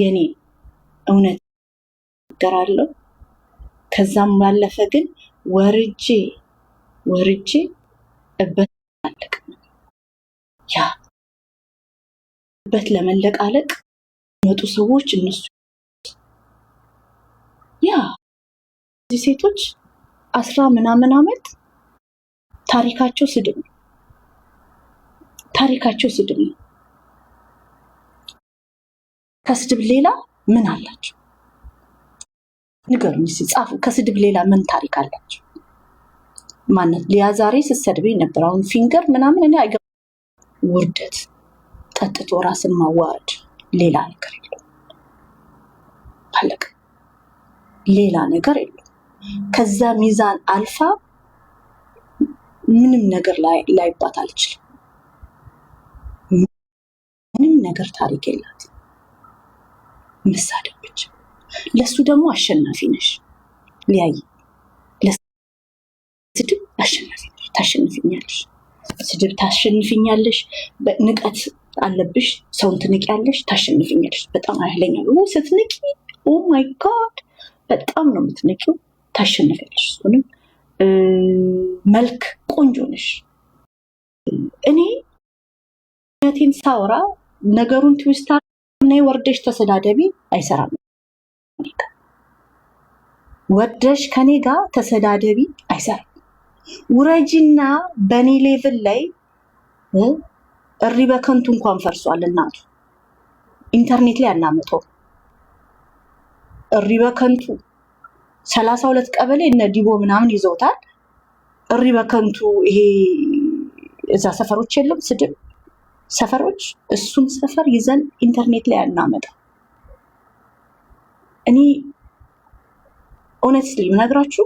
የኔ እውነት ገራለሁ። ከዛም ባለፈ ግን ወርጄ ወርጄ እበት አለቅ ያ እበት ለመለቃለቅ መጡ ሰዎች እነሱ ያ እዚህ ሴቶች አስራ ምናምን ዓመት ታሪካቸው ስድብ ነው። ታሪካቸው ስድብ ነው። ከስድብ ሌላ ምን አላቸው? ንገሩኝ እስኪ ጻፉ። ከስድብ ሌላ ምን ታሪክ አላቸው? ማነት ሊያ ዛሬ ስትሰድበኝ ነበር። አሁን ፊንገር ምናምን እኔ አይገ ውርደት ጠጥቶ ራስን ማዋረድ ሌላ ነገር የለም። አለቀ። ሌላ ነገር የለም። ከዛ ሚዛን አልፋ ምንም ነገር ላይባት አልችልም። ምንም ነገር ታሪክ የላት። ምሳደብች ለሱ ደግሞ አሸናፊ ነሽ። ሊያይ ለስድብ አሸናፊ ነሽ። ታሸንፍኛለሽ፣ ስድብ ታሸንፍኛለሽ። ንቀት አለብሽ፣ ሰውን ትንቂያለሽ፣ ታሸንፍኛለሽ። በጣም አህለኛ ስትንቂ፣ ኦ ማይ ጋድ በጣም ነው የምትንቂው። ታሸንፊያለሽ። እሱንም መልክ ቆንጆ ነሽ። እኔ ነቴን ሳውራ ነገሩን ትዊስታ ነይ ወርደሽ ተሰዳደቢ አይሰራም። ወርደሽ ከኔ ጋር ተሰዳደቢ አይሰራም። ውረጅና በእኔ ሌቭል ላይ እሪ በከንቱ እንኳን ፈርሷል። እናቱ ኢንተርኔት ላይ አናመጠው እሪ በከንቱ ሰላሳ ሁለት ቀበሌ እነ ዲቦ ምናምን ይዘውታል። እሪ በከንቱ ይሄ እዛ ሰፈሮች የለም ስድብ ሰፈሮች እሱን ሰፈር ይዘን ኢንተርኔት ላይ አናመጣ። እኔ እውነት ነግራችሁ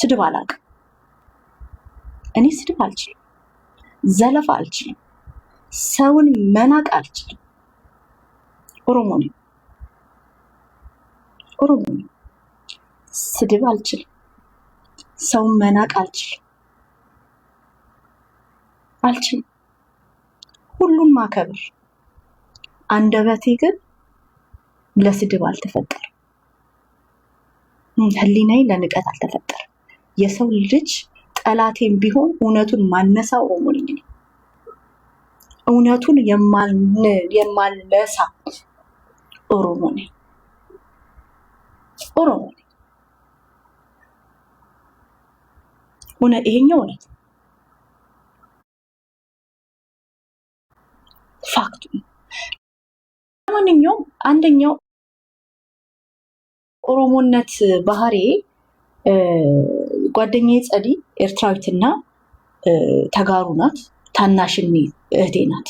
ስድብ አላውቅም። እኔ ስድብ አልችልም፣ ዘለፋ አልችልም፣ ሰውን መናቅ አልችልም። ኦሮሞ ነኝ፣ ኦሮሞ ነኝ። ስድብ አልችልም፣ ሰውን መናቅ አልችልም፣ አልችልም። ሁሉን ማከብር፣ አንደበቴ ግን ለስድብ አልተፈጠረም። ህሊናዬ ለንቀት አልተፈጠረም። የሰው ልጅ ጠላቴም ቢሆን እውነቱን ማነሳው ኦሞልኝ ነው። እውነቱን የማልነሳ ኦሮሞ ነኝ። ኦሮሞ ነኝ። ይሄኛው እውነት አንደኛው ኦሮሞነት ባህሬ ጓደኛዬ ጸዲ ኤርትራዊትና ተጋሩ ናት። ታናሽ እህቴ ናት።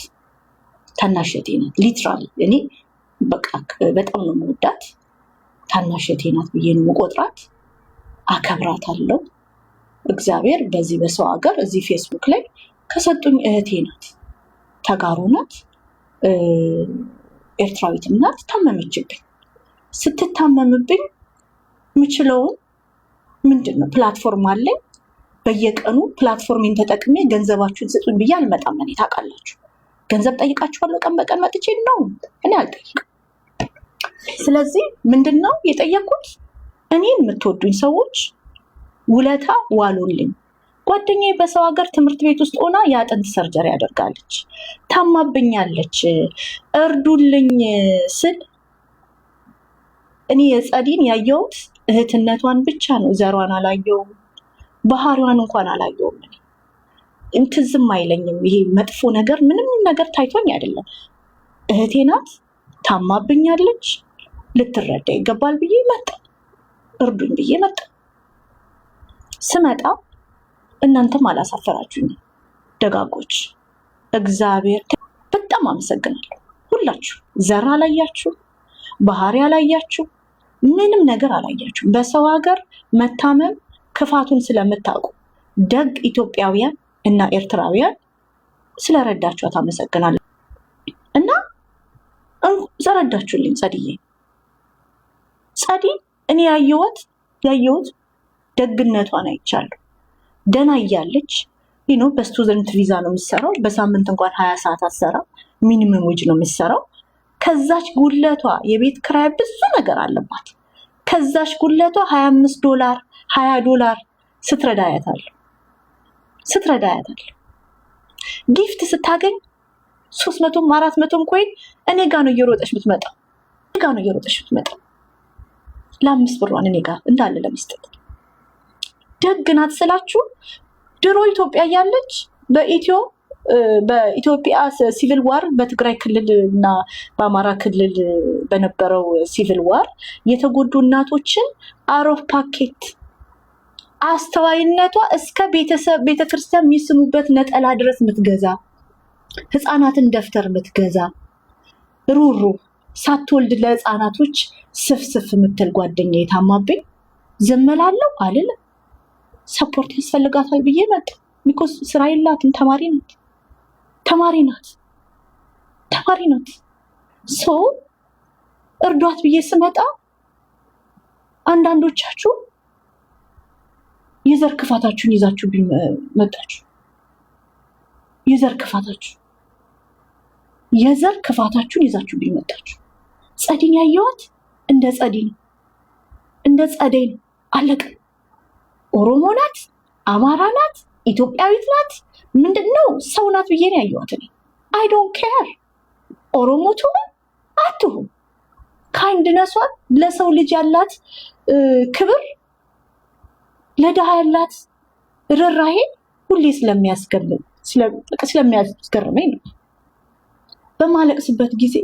ታናሽ እህቴ ናት። ሊትራል እኔ በቃ በጣም ነው መወዳት። ታናሽ እህቴ ናት ብዬ ነው መቆጥራት አከብራት አለው እግዚአብሔር በዚህ በሰው ሀገር እዚህ ፌስቡክ ላይ ከሰጡኝ እህቴ ናት። ተጋሩ ናት። ኤርትራዊት እናት ታመመችብኝ። ስትታመምብኝ ምችለውን ምንድን ነው ፕላትፎርም አለኝ። በየቀኑ ፕላትፎርሜን ተጠቅሜ ገንዘባችሁን ስጡኝ ብዬ አልመጣም። እኔ ታውቃላችሁ፣ ገንዘብ ጠይቃችኋለሁ። ቀን በቀን መጥቼ ነው እኔ አልጠይቅም። ስለዚህ ምንድን ነው የጠየኩት? እኔን የምትወዱኝ ሰዎች ውለታ ዋሉልኝ ጓደኛዬ በሰው ሀገር ትምህርት ቤት ውስጥ ሆና የአጥንት ሰርጀሪ ያደርጋለች፣ ታማብኛለች፣ እርዱልኝ ስል እኔ የጸዲን ያየሁት እህትነቷን ብቻ ነው። ዘሯን አላየውም፣ ባህሪዋን እንኳን አላየውም። እንትዝም አይለኝም። ይሄ መጥፎ ነገር ምንም ነገር ታይቶኝ አይደለም። እህቴ ናት፣ ታማብኛለች፣ ልትረዳ ይገባል ብዬ መጣ፣ እርዱኝ ብዬ መጣ። ስመጣ እናንተም አላሳፈራችሁኝ ደጋጎች፣ እግዚአብሔር በጣም አመሰግናለሁ። ሁላችሁ ዘር አላያችሁ፣ ባህሪ አላያችሁ፣ ምንም ነገር አላያችሁ። በሰው ሀገር መታመም ክፋቱን ስለምታውቁ ደግ ኢትዮጵያውያን እና ኤርትራውያን ስለረዳችኋት አመሰግናለሁ እና ዘረዳችሁልኝ። ጸድዬ ጸዲ እኔ ያየሁት ያየሁት ደግነቷን አይቻለሁ። ደና እያለች ኖ በስቱደንት ቪዛ ነው የምትሰራው። በሳምንት እንኳን ሀያ ሰዓት አሰራ ሚኒመም ውጅ ነው የምትሰራው። ከዛች ጉለቷ የቤት ክራይ ብዙ ነገር አለባት። ከዛች ጉለቷ ሀያ አምስት ዶላር ሀያ ዶላር ስትረዳ ያታለሁ ስትረዳ ያታለሁ። ጊፍት ስታገኝ ሶስት መቶም አራት መቶም ኮይን እኔ ጋ ነው እየሮጠች ምትመጣው፣ እኔ ጋ ነው እየሮጠች ምትመጣው። ለአምስት ብሯን እኔ ጋ እንዳለ ለመስጠት ደግ ናት ስላችሁ ድሮ ኢትዮጵያ እያለች በኢትዮ በኢትዮጵያ ሲቪል ዋር በትግራይ ክልል እና በአማራ ክልል በነበረው ሲቪል ዋር የተጎዱ እናቶችን አሮፍ ፓኬት አስተዋይነቷ እስከ ቤተክርስቲያን የሚስሙበት ነጠላ ድረስ ምትገዛ ህፃናትን ደብተር ምትገዛ ሩሩ ሳትወልድ ለህፃናቶች ስፍስፍ የምትል ጓደኛ የታማብኝ ዝም እላለሁ አልልም። ሰፖርት ያስፈልጋታል ብዬ መጣ። ቢኮዝ ስራ የላትም ተማሪ ናት፣ ተማሪ ናት፣ ተማሪ ናት። ሶ እርዷት ብዬ ስመጣ አንዳንዶቻችሁ የዘር ክፋታችሁን ይዛችሁ መጣችሁ። የዘር ክፋታችሁ የዘር ክፋታችሁን ይዛችሁ መጣችሁ። ጸዲን ያየዋት እንደ ጸዲ ነው፣ እንደ ጸደይ ነው። አለቀ። ኦሮሞ ናት፣ አማራ ናት፣ ኢትዮጵያዊት ናት፣ ምንድን ነው ሰው ናት ብዬ ነው ያየኋት። እኔ አይ ዶንት ኬር ኦሮሞ ትሁን አትሁን፣ ነሷ ለሰው ልጅ ያላት ክብር፣ ለድሃ ያላት ርራሄ ሁሌ ስለሚያስገርመኝ ነው። በማለቅስበት ጊዜ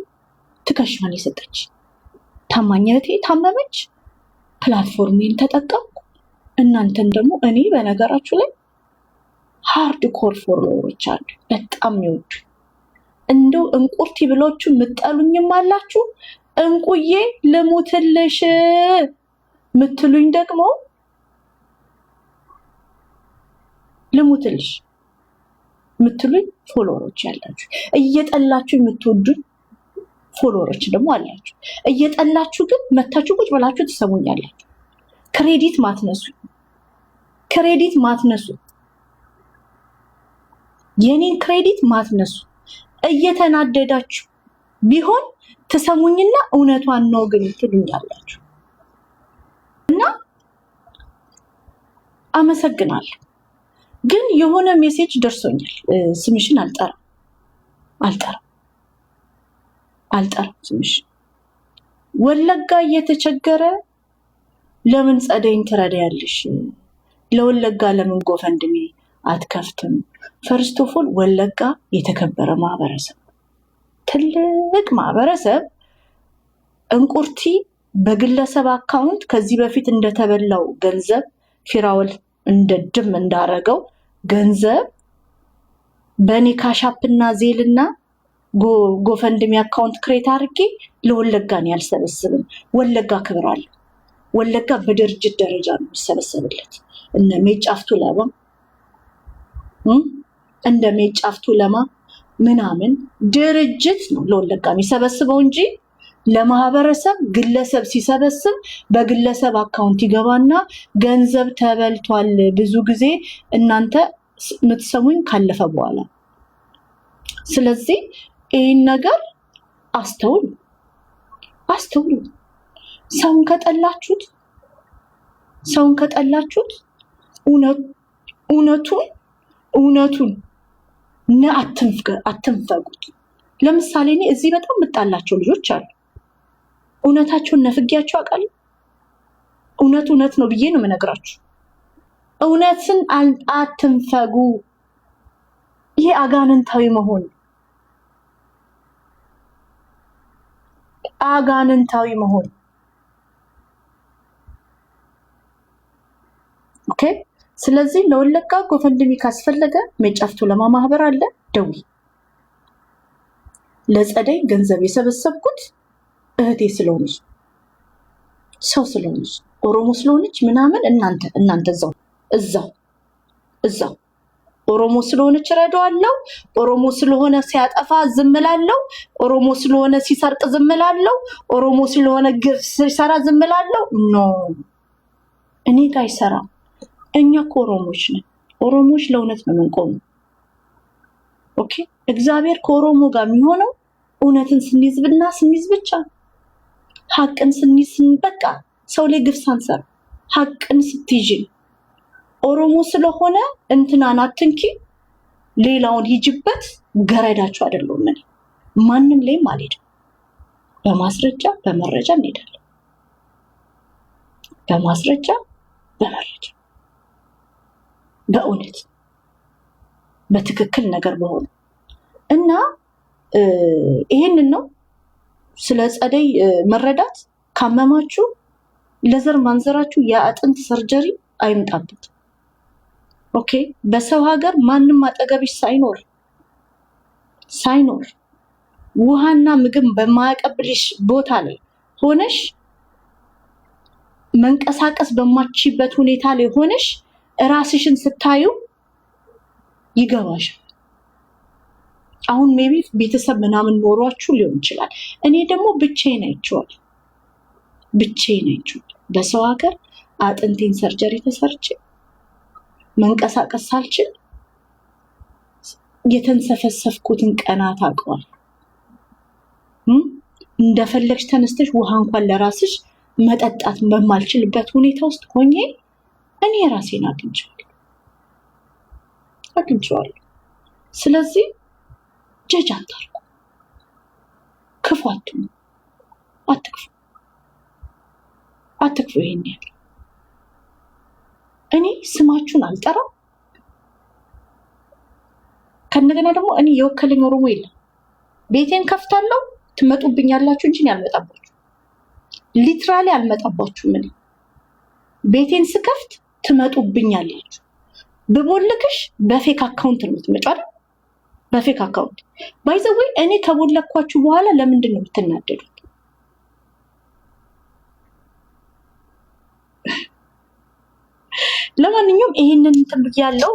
ትከሻን የሰጠች ታማኝነቴ ታመመች፣ ፕላትፎርሜን ተጠቀምኩ እናንተን ደግሞ እኔ በነገራችሁ ላይ ሃርድ ኮር ፎሎወሮች አሉ፣ በጣም የሚወዱ እንደው እንቁርቲ ብላችሁ የምጠሉኝም አላችሁ፣ እንቁዬ ልሙትልሽ ምትሉኝ ደግሞ ልሙትልሽ ምትሉኝ ፎሎወሮች ያላችሁ፣ እየጠላችሁ የምትወዱኝ ፎሎወሮች ደግሞ አላችሁ። እየጠላችሁ ግን መታችሁ ቁጭ ብላችሁ ትሰሙኛላችሁ። ክሬዲት ማትነሱ ክሬዲት ማትነሱ የኔን ክሬዲት ማትነሱ እየተናደዳችሁ ቢሆን ትሰሙኝና እውነቷን ነው ግን ትሉኛላችሁ። እና አመሰግናለሁ። ግን የሆነ ሜሴጅ ደርሶኛል። ስምሽን አልጠራም አልጠራም አልጠራም ስምሽን ወለጋ እየተቸገረ ለምን ጸደይን ትረዳያለሽ? ለወለጋ ለምን ጎፈንድሜ አትከፍትም? ፈርስት ኦፍ ኦል ወለጋ የተከበረ ማህበረሰብ፣ ትልቅ ማህበረሰብ እንቁርቲ በግለሰብ አካውንት ከዚህ በፊት እንደተበላው ገንዘብ ፊራወል እንደ ድም እንዳረገው ገንዘብ በእኔ ካሻፕና ዜልና ጎፈንድሜ አካውንት ክሬት አድርጌ ለወለጋን ያልሰበስብም። ወለጋ ክብር አለው። ወለጋ በድርጅት ደረጃ ነው የሚሰበሰብለት። እነ ሜጫፍቱ ለማ እንደ ሜጫፍቱ ለማ ምናምን ድርጅት ነው ለወለጋ የሚሰበስበው እንጂ ለማህበረሰብ ግለሰብ ሲሰበስብ በግለሰብ አካውንት ይገባና ገንዘብ ተበልቷል። ብዙ ጊዜ እናንተ የምትሰሙኝ ካለፈ በኋላ። ስለዚህ ይህን ነገር አስተውሉ፣ አስተውሉ። ሰውን ከጠላችሁት ሰውን ከጠላችሁት እውነቱን እውነቱን ነ አትንፈጉት። ለምሳሌ እኔ እዚህ በጣም የምጣላቸው ልጆች አሉ። እውነታቸውን ነፍጊያቸው አውቃለሁ። እውነት እውነት ነው ብዬ ነው የምነግራችሁ። እውነትን አትንፈጉ። ይሄ አጋንንታዊ መሆን አጋንንታዊ መሆን ኦኬ። ስለዚህ ለወለጋ ጎፈንድሚ ካስፈለገ ሜጫፍቱ ለማ ማህበር አለ፣ ደዊ ለጸደይ ገንዘብ የሰበሰብኩት እህቴ ስለሆነች ሰው ስለሆነች ኦሮሞ ስለሆነች ምናምን እናንተ እናንተ እዛው እዛው እዛው ኦሮሞ ስለሆነች እረዳዋለሁ፣ ኦሮሞ ስለሆነ ሲያጠፋ ዝም ኦሮሞ ስለሆነ ሲሰርቅ ዝም ኦሮሞ ስለሆነ ግፍ ሲሰራ ዝም ኖ እኔ ጋር አይሰራም። እኛ እኮ ኦሮሞች ነን። ኦሮሞዎች ለእውነት ነው የምንቆመው። ኦኬ እግዚአብሔር ከኦሮሞ ጋር የሚሆነው እውነትን ስንይዝብና ስንይዝ ብቻ ሀቅን ስንይዝ በቃ ሰው ላይ ግፍ ሳንሰራ ሀቅን ስትይዥ ኦሮሞ ስለሆነ እንትናን አትንኪ፣ ሌላውን ሂጅበት ገረዳችሁ አይደለሁም። እኔ ማንም ላይም አልሄድም። በማስረጃ በመረጃ እንሄዳለን። በማስረጃ በመረጃ በእውነት በትክክል ነገር በሆነ እና ይሄንን ነው ስለ ጸደይ መረዳት ካመማችሁ ለዘር ማንዘራችሁ የአጥንት ሰርጀሪ አይምጣበት። ኦኬ በሰው ሀገር ማንም አጠገብሽ ሳይኖር ሳይኖር ውሃና ምግብ በማያቀብልሽ ቦታ ላይ ሆነሽ መንቀሳቀስ በማችበት ሁኔታ ላይ ሆነሽ እራስሽን ስታዩ ይገባሻል። አሁን ቢ ቤተሰብ ምናምን ኖሯችሁ ሊሆን ይችላል። እኔ ደግሞ ብቻዬን አይቼዋል፣ ብቻዬን አይቼዋል። በሰው ሀገር አጥንቴን ሰርጀሪ ተሰርቼ መንቀሳቀስ ሳልችል የተንሰፈሰፍኩትን ቀናት አውቀዋል። እንደፈለግሽ ተነስተሽ ውሃ እንኳን ለራስሽ መጠጣት በማልችልበት ሁኔታ ውስጥ ሆኜ እኔ ራሴን አግኝቼዋለሁ አግኝቼዋለሁ። ስለዚህ ጀጅ አታርጉ፣ ክፉ አትሙ፣ አትክፉ፣ አትክፉ። ይሄን ያለ እኔ ስማችሁን አልጠራም። ከእንደገና ደግሞ እኔ የወከለኝ ኦሮሞ የለም። ቤቴን ከፍታለሁ፣ ትመጡብኛላችሁ እንጂ አልመጣባችሁ፣ ሊትራሊ አልመጣባችሁም። እኔ ቤቴን ስከፍት ትመጡብኛለች። ብቦልክሽ በፌክ አካውንት ነው የምትመጫል። በፌክ አካውንት ባይዘወይ እኔ ከቦለኳችሁ በኋላ ለምንድን ነው የምትናደዱት? ለማንኛውም ይህንን እንትን ብያለው።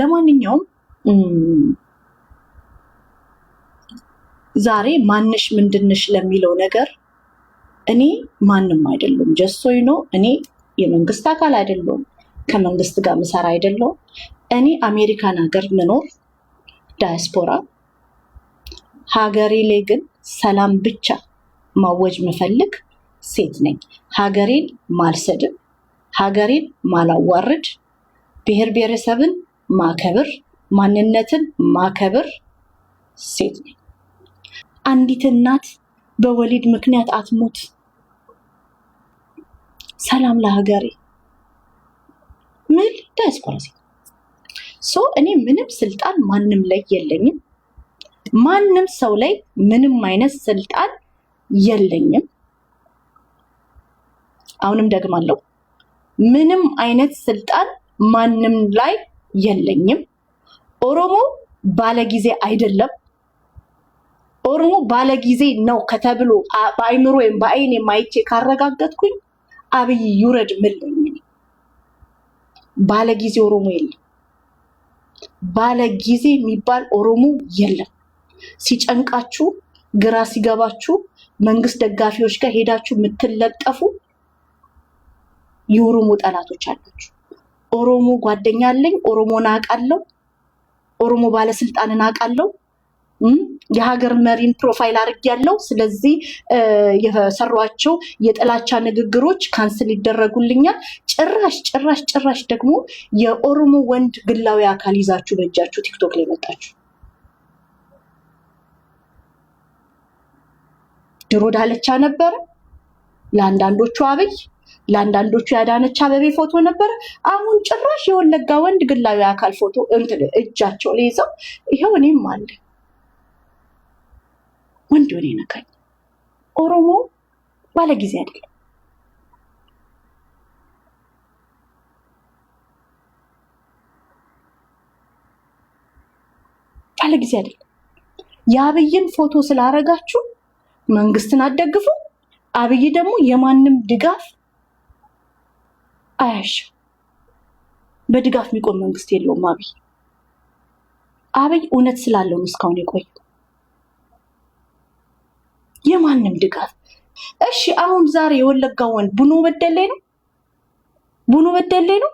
ለማንኛውም ዛሬ ማንሽ ምንድንሽ ለሚለው ነገር እኔ ማንም አይደለም። ጀሶይ ነው። እኔ የመንግስት አካል አይደለም። ከመንግስት ጋር ምሰራ አይደለው። እኔ አሜሪካን ሀገር ምኖር ዳያስፖራ፣ ሀገሬ ላይ ግን ሰላም ብቻ ማወጅ ምፈልግ ሴት ነኝ። ሀገሬን ማልሰድብ፣ ሀገሬን ማላዋርድ፣ ብሔር ብሔረሰብን ማከብር፣ ማንነትን ማከብር ሴት ነኝ። አንዲት እናት በወሊድ ምክንያት አትሞት። ሰላም ለሀገሬ። ምን ዳያስፖራ ዜጋ ሶ እኔ ምንም ስልጣን ማንም ላይ የለኝም። ማንም ሰው ላይ ምንም አይነት ስልጣን የለኝም። አሁንም ደግማለሁ፣ ምንም አይነት ስልጣን ማንም ላይ የለኝም። ኦሮሞ ባለጊዜ አይደለም። ኦሮሞ ባለጊዜ ነው ከተብሎ በአይምሮ ወይም በአይኔ ማይቼ ካረጋገጥኩኝ አብይ ይውረድ ምልኝ ባለጊዜ ኦሮሞ የለም። ባለጊዜ የሚባል ኦሮሞ የለም። ሲጨንቃችሁ፣ ግራ ሲገባችሁ መንግስት ደጋፊዎች ጋር ሄዳችሁ የምትለጠፉ የኦሮሞ ጠላቶች አላችሁ። ኦሮሞ ጓደኛ አለኝ፣ ኦሮሞን አውቃለሁ፣ ኦሮሞ ባለስልጣንን አውቃለሁ የሀገር መሪን ፕሮፋይል አድርግ ያለው። ስለዚህ የሰሯቸው የጥላቻ ንግግሮች ካንስል ይደረጉልኛል። ጭራሽ ጭራሽ ጭራሽ ደግሞ የኦሮሞ ወንድ ግላዊ አካል ይዛችሁ በእጃችሁ ቲክቶክ ላይ መጣችሁ። ድሮ ዳለቻ ነበረ ለአንዳንዶቹ አብይ ለአንዳንዶቹ ያዳነች አበቤ ፎቶ ነበር። አሁን ጭራሽ የወለጋ ወንድ ግላዊ አካል ፎቶ እጃቸው ላይ ይዘው ይኸው እኔም አለ ወንድ ሆነ ይነካኝ። ኦሮሞ ባለጊዜ አይደለም። ባለጊዜ አይደለም። የአብይን ፎቶ ስላረጋችሁ መንግስትን አደግፉ አብይ ደግሞ የማንም ድጋፍ አያሻም። በድጋፍ የሚቆም መንግስት የለውም። አብይ አብይ እውነት ስላለው ነው እስካሁን የቆየው። የማንም ድጋፍ። እሺ አሁን ዛሬ የወለጋ ወንድ ቡኖ በደሌ ነው፣ ቡኖ በደሌ ነው።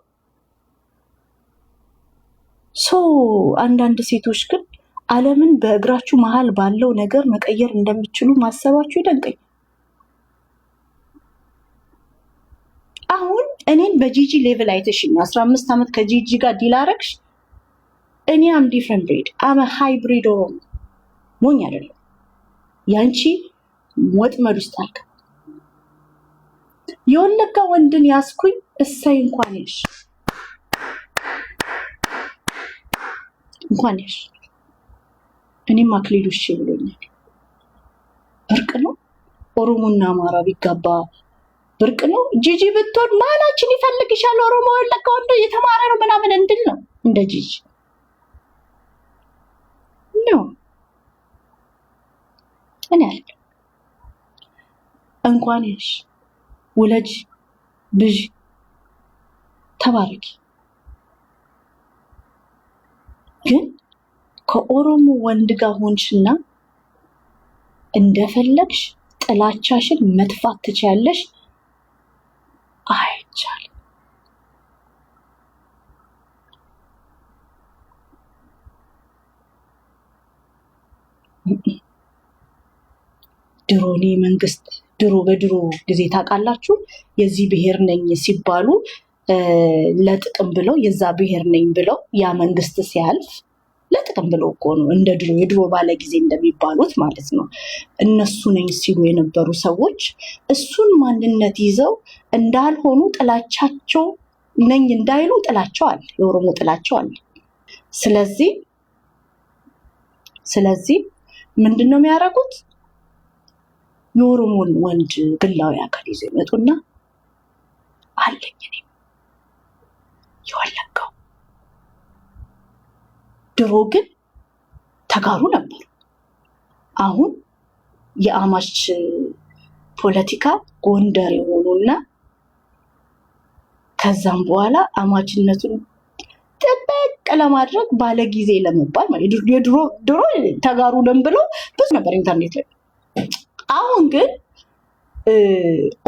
ሶ አንዳንድ ሴቶች ግን ዓለምን በእግራችሁ መሀል ባለው ነገር መቀየር እንደምትችሉ ማሰባችሁ ይደንቀኝ። አሁን እኔን በጂጂ ሌቭል አይተሽኝ አስራ አምስት ዓመት ከጂጂ ጋር ዲል አረግሽ። እኔ አም ዲፍረንት ብሬድ አመ ሃይብሪድ ኦሮሞ ሞኝ አይደለም ያንቺ ወጥመድ ውስጥ አልከ የወለጋ ወንድን ያስኩኝ እሰይ እንኳን ያሽ እንኳን ያሽ። እኔም አክሊሉ እሺ ብሎኛል። ብርቅ ነው ኦሮሞና አማራ ቢጋባ ብርቅ ነው። ጂጂ ብትሆን ማላችን ይፈልግሻል? ኦሮሞ ወለጋ ወንድ የተማረ ነው ምናምን እንድል ነው እንደ ጂጂ ነው እኔ አለ እንኳን ያሽ ውለጅ ብዥ ተባረኪ። ግን ከኦሮሞ ወንድ ጋር ሆንሽና እንደፈለግሽ ጥላቻሽን መትፋት ትችያለሽ። አይቻልም። ድሮኔ መንግስት ድሮ በድሮ ጊዜ ታውቃላችሁ የዚህ ብሔር ነኝ ሲባሉ ለጥቅም ብለው የዛ ብሔር ነኝ ብለው ያ መንግስት ሲያልፍ ለጥቅም ብለው እኮ ነው እንደ ድሮ የድሮ ባለ ጊዜ እንደሚባሉት ማለት ነው። እነሱ ነኝ ሲሉ የነበሩ ሰዎች እሱን ማንነት ይዘው እንዳልሆኑ ጥላቻቸው ነኝ እንዳይሉ ጥላቸው አለ፣ የኦሮሞ ጥላቸው አለ። ስለዚህ ስለዚህ ምንድን ነው የሚያደርጉት? የኦሮሞን ወንድ ግላዊ አካል ይዘው ይመጡና አለኝ እኔ የወለጋው ድሮ ግን ተጋሩ ነበሩ። አሁን የአማች ፖለቲካ ጎንደር የሆኑና ከዛም በኋላ አማችነቱን ጥበቅ ለማድረግ ባለጊዜ ለመባል ድሮ ተጋሩ ነን ብለው ብዙ ነበር ኢንተርኔት ላይ አሁን ግን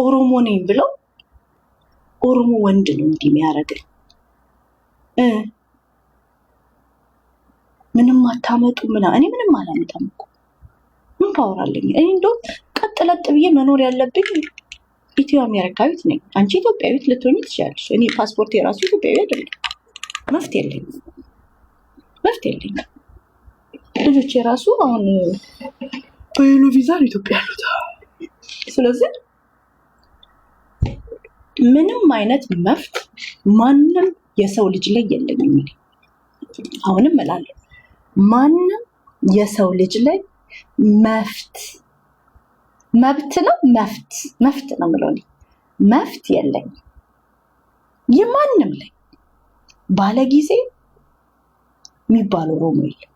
ኦሮሞ ነኝ ብለው ኦሮሞ ወንድ ነው እንዲህ የሚያደርግን ምንም አታመጡ ምና እኔ ምንም አላመጣም እኮ ምን ታወራለኝ? እኔ እንደውም ቀጥ ለጥ ብዬ መኖር ያለብኝ ኢትዮ አሜሪካዊት ነኝ። አንቺ ኢትዮጵያዊት ልትሆኝ ትችላለች። እኔ ፓስፖርት የራሱ ኢትዮጵያዊ አይደለም። መፍት የለኝ፣ መፍት የለኝ። ልጆች የራሱ አሁን በይኑ ቪዛ ነው ኢትዮጵያ ያሉት። ስለዚህ ምንም አይነት መፍት ማንም የሰው ልጅ ላይ የለኝም። አሁንም እላለሁ ማንም የሰው ልጅ ላይ መፍት መብት ነው መፍት መፍት ነው ምለ መፍት የለኝም የማንም ላይ ባለጊዜ የሚባለው ሮሞ የለም።